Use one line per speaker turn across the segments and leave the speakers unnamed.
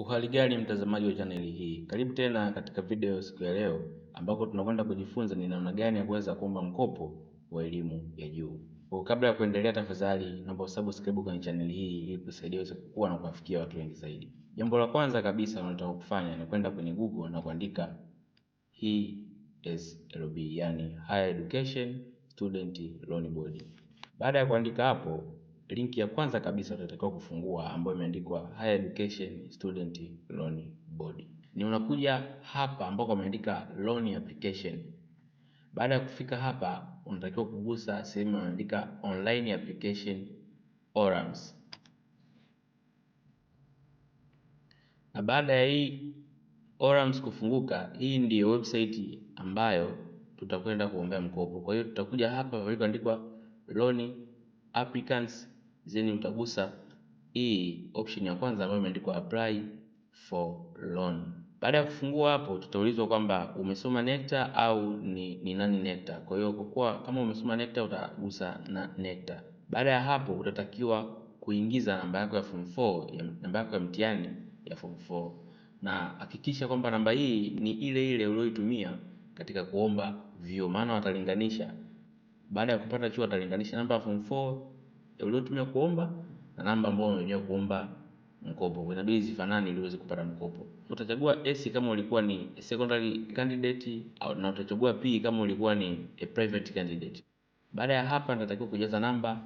Uhali gani mtazamaji wa chaneli hii, karibu tena katika video siku ya leo, ambako tunakwenda kujifunza ni namna gani ya kuweza kuomba mkopo wa elimu ya juu. Kwa kabla ya kuendelea, tafadhali naomba usubscribe kwenye chaneli hii ili kusaidia uweze kukua na kuwafikia watu wengi zaidi. Jambo la kwanza kabisa unataka kufanya ni kwenda kwenye Google na kuandika HESLB, yani Higher Education Student Loan Board. Baada ya kuandika hapo linki ya kwanza kabisa utatakiwa kufungua ambayo imeandikwa Higher Education Student Loan Board. Ni unakuja hapa ambako umeandika loan application. Baada ya kufika hapa, unatakiwa kugusa sehemu imeandika online application orals, na baada ya hii orals kufunguka, hii ndiyo website ambayo tutakwenda kuombea mkopo. Kwa hiyo tutakuja hapa palipoandikwa loan applicants then utagusa hii e option ya kwanza ambayo imeandikwa apply for loan. Baada ya kufungua hapo, tutaulizwa kwamba umesoma NECTA au ni, ni nani NECTA. Kwa hiyo kwa kuwa kama umesoma NECTA utagusa na NECTA. Baada ya hapo, utatakiwa kuingiza namba yako ya form 4, namba yako ya mtihani ya form 4 na hakikisha kwamba namba hii ni ile ile uliyoitumia katika kuomba vyuo, maana watalinganisha. Baada ya kupata chuo watalinganisha namba ya form 4 uliotumia kuomba na namba ambayo umetumia kuomba mkopo inabidi zifanane ili uweze kupata mkopo utachagua s kama ulikuwa ni secondary candidate au na utachagua p kama ulikuwa ni a private candidate baada ya hapa natakiwa kujaza namba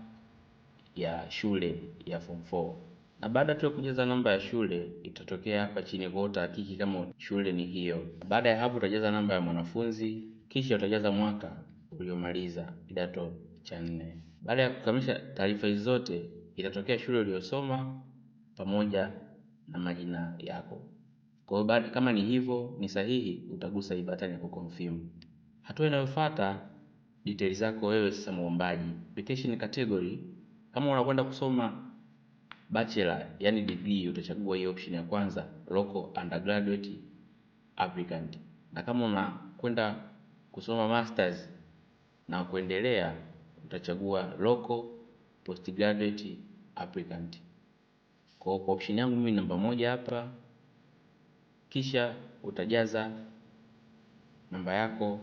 ya shule ya form 4 na baada tu ya kujaza namba ya shule itatokea hapa chini kwa utahakiki kama shule ni hiyo baada ya hapo utajaza namba ya mwanafunzi kisha utajaza mwaka uliomaliza kidato cha nne baada ya kukamilisha taarifa hizi zote, itatokea shule uliyosoma pamoja na majina yako. Kwa hiyo kama ni hivyo ni sahihi, utagusa hii batani ya kuconfirm. Hatua inayofuata details zako wewe sasa muombaji, application category. Kama unakwenda kusoma bachelor, yani degree, utachagua hii option ya kwanza local undergraduate applicant, na kama unakwenda kusoma masters na kuendelea utachagua local postgraduate applicant. Kwa hiyo kwa option yangu mimi namba moja hapa, kisha utajaza namba yako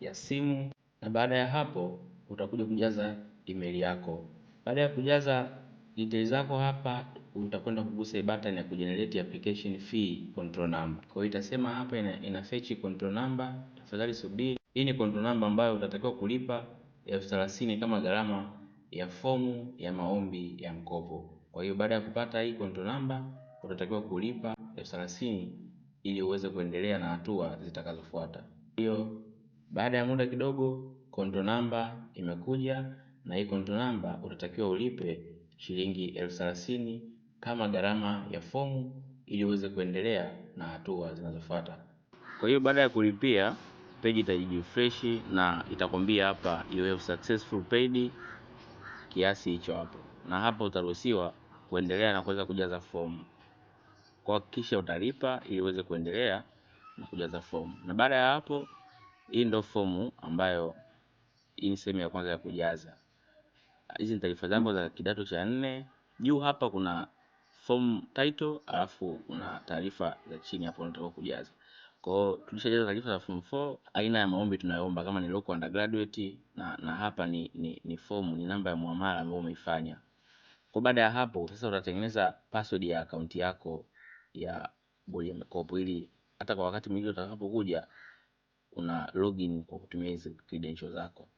ya simu, na baada ya hapo utakuja kujaza email yako. Baada ya kujaza details zako hapa, utakwenda kugusa button ya kugenerate application fee control number. Kwa hiyo itasema hapa ina, ina fetch control number. Tafadhali subiri. Hii ni control number ambayo utatakiwa kulipa elfu thelathini kama gharama ya fomu ya maombi ya mkopo. Kwa hiyo baada ya kupata hii konto namba, utatakiwa kulipa elfu thelathini ili uweze kuendelea na hatua zitakazofuata. Hiyo baada ya muda kidogo, konto namba imekuja na hii konto namba utatakiwa ulipe shilingi elfu thelathini kama gharama ya fomu ili uweze kuendelea na hatua zinazofuata. Kwa hiyo baada ya kulipia page itajirefresh na itakwambia hapa you have successful paid kiasi hicho hapo, na hapo utaruhusiwa kuendelea na kuweza kujaza fomu kwa, kisha utalipa ili uweze kuendelea na kujaza fomu. Na baada ya hapo, hii ndio fomu ambayo hii ni sehemu ya kwanza ya kujaza. Hizi ni taarifa zako za kidato cha nne. Juu hapa kuna form title, alafu kuna taarifa za chini hapo unataka kujaza. Kwa hiyo tulishajaa taarifa za form 4 aina ya maombi tunayoomba kama ni local undergraduate na, na hapa ni, ni, ni form ni namba ya muamala ambayo umeifanya. Kwa baada ya hapo sasa utatengeneza password ya akaunti yako ya bodi ya mikopo ili hata kwa wakati mwingine utakapokuja una login kwa kutumia hizo credentials zako.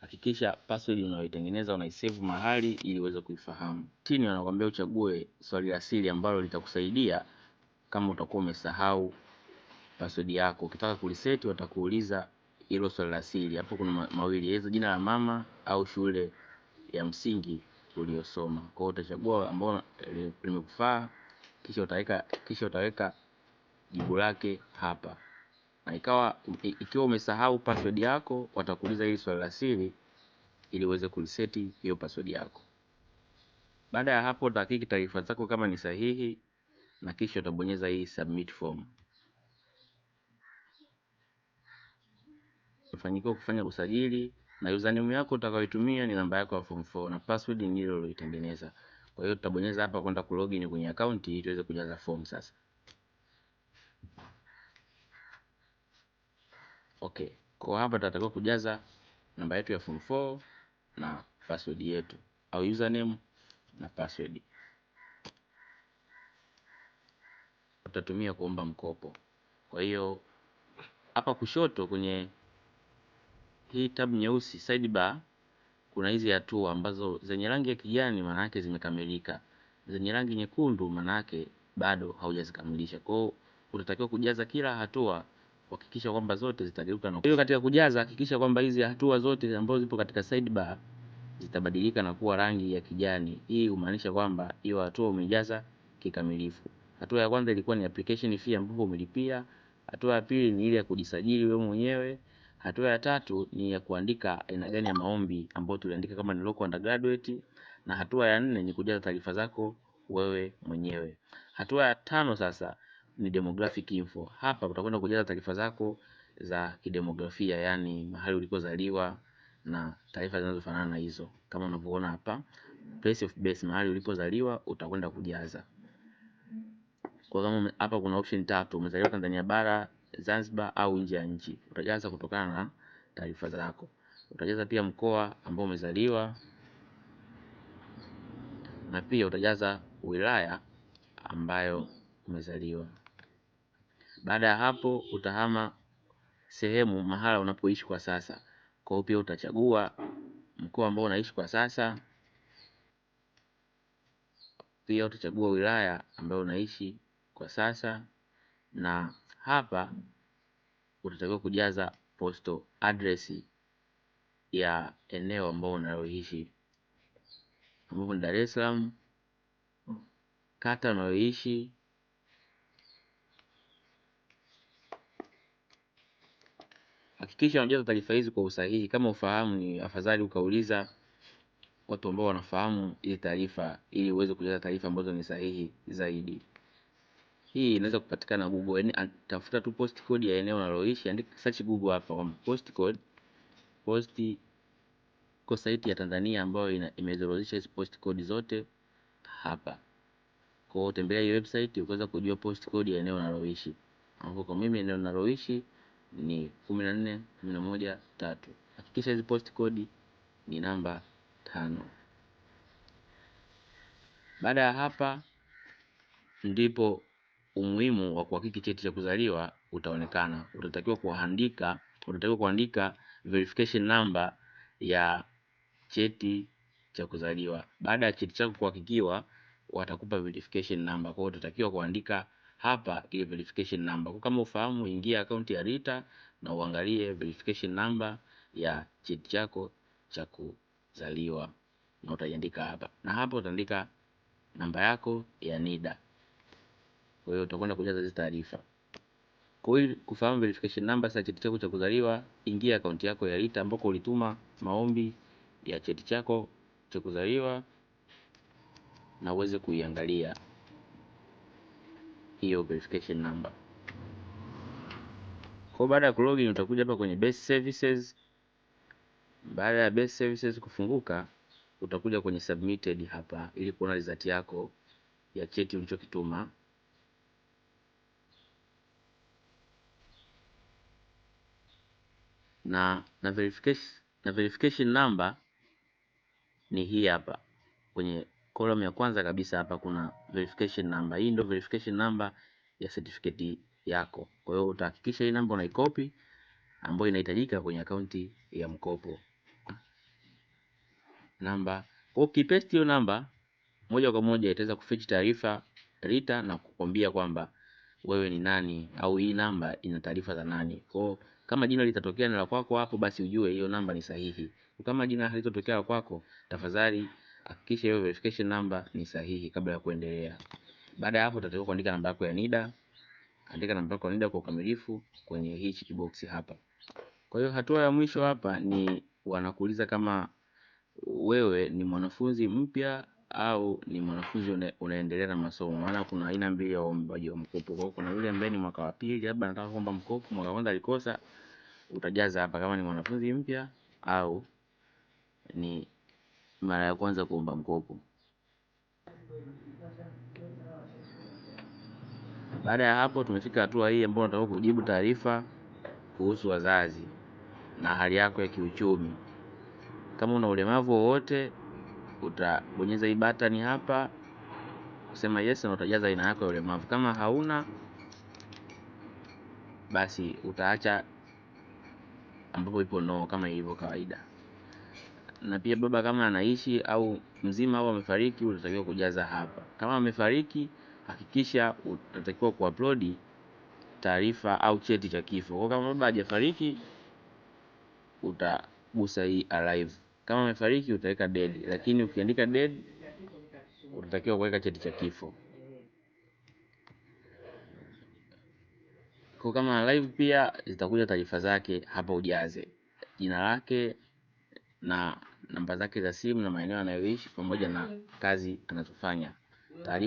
Hakikisha password unayoitengeneza unaisave mahali ili uweze kuifahamu. Chini wanakuambia uchague swali la siri ambalo litakusaidia kama utakuwa umesahau password yako. Ukitaka kuliseti watakuuliza hilo swali la siri. Hapo kuna mawili, hizo jina la mama au shule ya msingi uliyosoma. Kwa hiyo utachagua ambao limekufaa, kisha utaweka kisha utaweka jibu lake hapa. Na ikawa ikiwa umesahau password yako, watakuuliza hili swali la siri ili uweze kuliseti hiyo password yako. Baada ya hapo, utahakiki taarifa zako kama ni sahihi na kisha utabonyeza hii submit form. umefanikiwa kufanya usajili na username yako utakayoitumia ni namba yako ya form 4 na password ni ile uliyoitengeneza. Kwa hiyo tutabonyeza hapa kwenda ku login kwenye account ili tuweze kujaza form sasa. Okay, kwa hapa tutatakiwa kujaza namba yetu ya form 4 na password yetu au username na password. Tutatumia kuomba mkopo. Kwa hiyo hapa kushoto kwenye hii tab nyeusi sidebar, kuna hizi hatua ambazo zenye rangi ya kijani maana yake zimekamilika, zenye rangi nyekundu maana yake bado haujazikamilisha. Kwa hiyo utatakiwa kujaza kila hatua kuhakikisha kwamba zote zitageuka na hiyo. Katika kujaza, hakikisha kwamba hizi hatua zote ambazo zipo katika sidebar zitabadilika na kuwa rangi ya kijani. Hii humaanisha kwamba hiyo hatua umejaza kikamilifu. Hatua ya kwanza ilikuwa ni application fee ambapo umelipia. Hatua ya pili ni ile ya kujisajili wewe mwenyewe. Hatua ya tatu ni ya kuandika aina gani ya maombi ambayo tuliandika kama ni local undergraduate, na hatua ya nne ni kujaza taarifa zako wewe mwenyewe. Hatua ya tano sasa ni demographic info. Hapa utakwenda kujaza taarifa zako za kidemografia, yani mahali ulikozaliwa na taarifa zinazofanana na hizo, kama unavyoona hapa, place of birth, mahali ulipozaliwa utakwenda kujaza kwa kama hapa kuna option tatu: umezaliwa Tanzania bara Zanzibar au nje ya nchi. Utajaza kutokana na taarifa zako. Utajaza pia mkoa ambao umezaliwa na pia utajaza wilaya ambayo umezaliwa. Baada ya hapo utahama sehemu mahala unapoishi kwa sasa. Kwa hiyo pia utachagua mkoa ambao unaishi kwa sasa. Pia utachagua wilaya ambayo unaishi kwa sasa na hapa utatakiwa kujaza postal address ya eneo ambao unaloishi ambapo ni Dar es Salaam, kata unayoishi, hakikisha unajaza taarifa hizi kwa usahihi. Kama ufahamu, ni afadhali ukauliza watu ambao wanafahamu ile taarifa, ili uweze kujaza taarifa ambazo ni sahihi zaidi. Hii inaweza kupatikana Google, yani tafuta tu post code ya eneo unaloishi, andika search Google hapa kwa post code post kwa site ya Tanzania ambayo imezorozesha hizo post code zote hapa. Kwa hiyo tembelea hiyo website ukaweza kujua post code ya eneo unaloishi. Ambapo kwa mimi eneo unaloishi ni 14113. Hakikisha hizo post code ni namba tano. Baada ya hapa ndipo umuhimu wa kuhakiki cheti cha kuzaliwa utaonekana. Utatakiwa kuandika, utatakiwa kuandika verification number ya cheti cha kuzaliwa. Baada ya cheti chako kuhakikiwa, watakupa verification number. Kwa hiyo utatakiwa kuandika hapa ile verification number. Kwa kama ufahamu, ingia akaunti ya RITA na uangalie verification number ya cheti chako cha kuzaliwa na utaiandika hapa, na hapa utaandika namba yako ya NIDA. Kwa hiyo tunakwenda kujaza hizi taarifa. Kwa hiyo kufahamu verification number za cheti chako cha kuzaliwa, ingia akaunti yako ya RITA ambako ulituma maombi ya cheti chako cha kuzaliwa na uweze kuiangalia hiyo verification number. Kwa baada ya kulogin utakuja hapa kwenye best services. Baada ya best services kufunguka, utakuja kwenye submitted hapa ili kuona result yako ya cheti ulichokituma. na, na, verification, na verification number ni hii hapa kwenye column ya kwanza kabisa hapa kuna verification number. Hii ndio verification number ya certificate yako. Kwa hiyo utahakikisha hii namba unaikopi ambayo inahitajika kwenye akaunti ya mkopo namba. Kwa ukipaste hiyo namba moja kwa moja itaweza kufichi taarifa RITA na kukwambia kwamba wewe ni nani au hii namba ina taarifa za nani. Kwa kama jina litatokea na la kwako hapo basi ujue hiyo namba ni sahihi kama jina halitotokea la kwako tafadhali hakikisha hiyo verification number ni sahihi kabla ya kuendelea baada ya hapo utatakiwa kuandika namba yako ya NIDA andika namba yako ya NIDA kwa ukamilifu kwenye hii check box hapa kwa hiyo hatua ya mwisho hapa ni wanakuuliza kama wewe ni mwanafunzi mpya au ni mwanafunzi unaendelea na masomo, maana kuna aina mbili ya waombaji wa mkopo. Kwa kuna yule ambaye ni mwaka wa pili, labda anataka kuomba mkopo, mwaka kwanza alikosa, utajaza hapa kama ni mwanafunzi mpya au ni mara ya kwanza kuomba mkopo. Baada ya hapo, tumefika hatua hii ambayo unatakiwa kujibu taarifa kuhusu wazazi na hali yako ya kiuchumi, kama una ulemavu wowote utabonyeza hii button hapa kusema yes, na utajaza aina yako ya ulemavu. Kama hauna basi utaacha ambapo ipo no, kama ilivyo kawaida. Na pia baba kama anaishi au mzima au amefariki, utatakiwa kujaza hapa. Kama amefariki, hakikisha utatakiwa kuupload taarifa au cheti cha kifo. Kwa kama baba hajafariki, utagusa hii alive. Kama amefariki utaweka dead, lakini ukiandika dead utatakiwa kuweka cheti cha kifo. Kwa kama live pia zitakuja taarifa zake hapa, ujaze jina lake na namba zake za simu na maeneo anayoishi pamoja na kazi anazofanya taarifa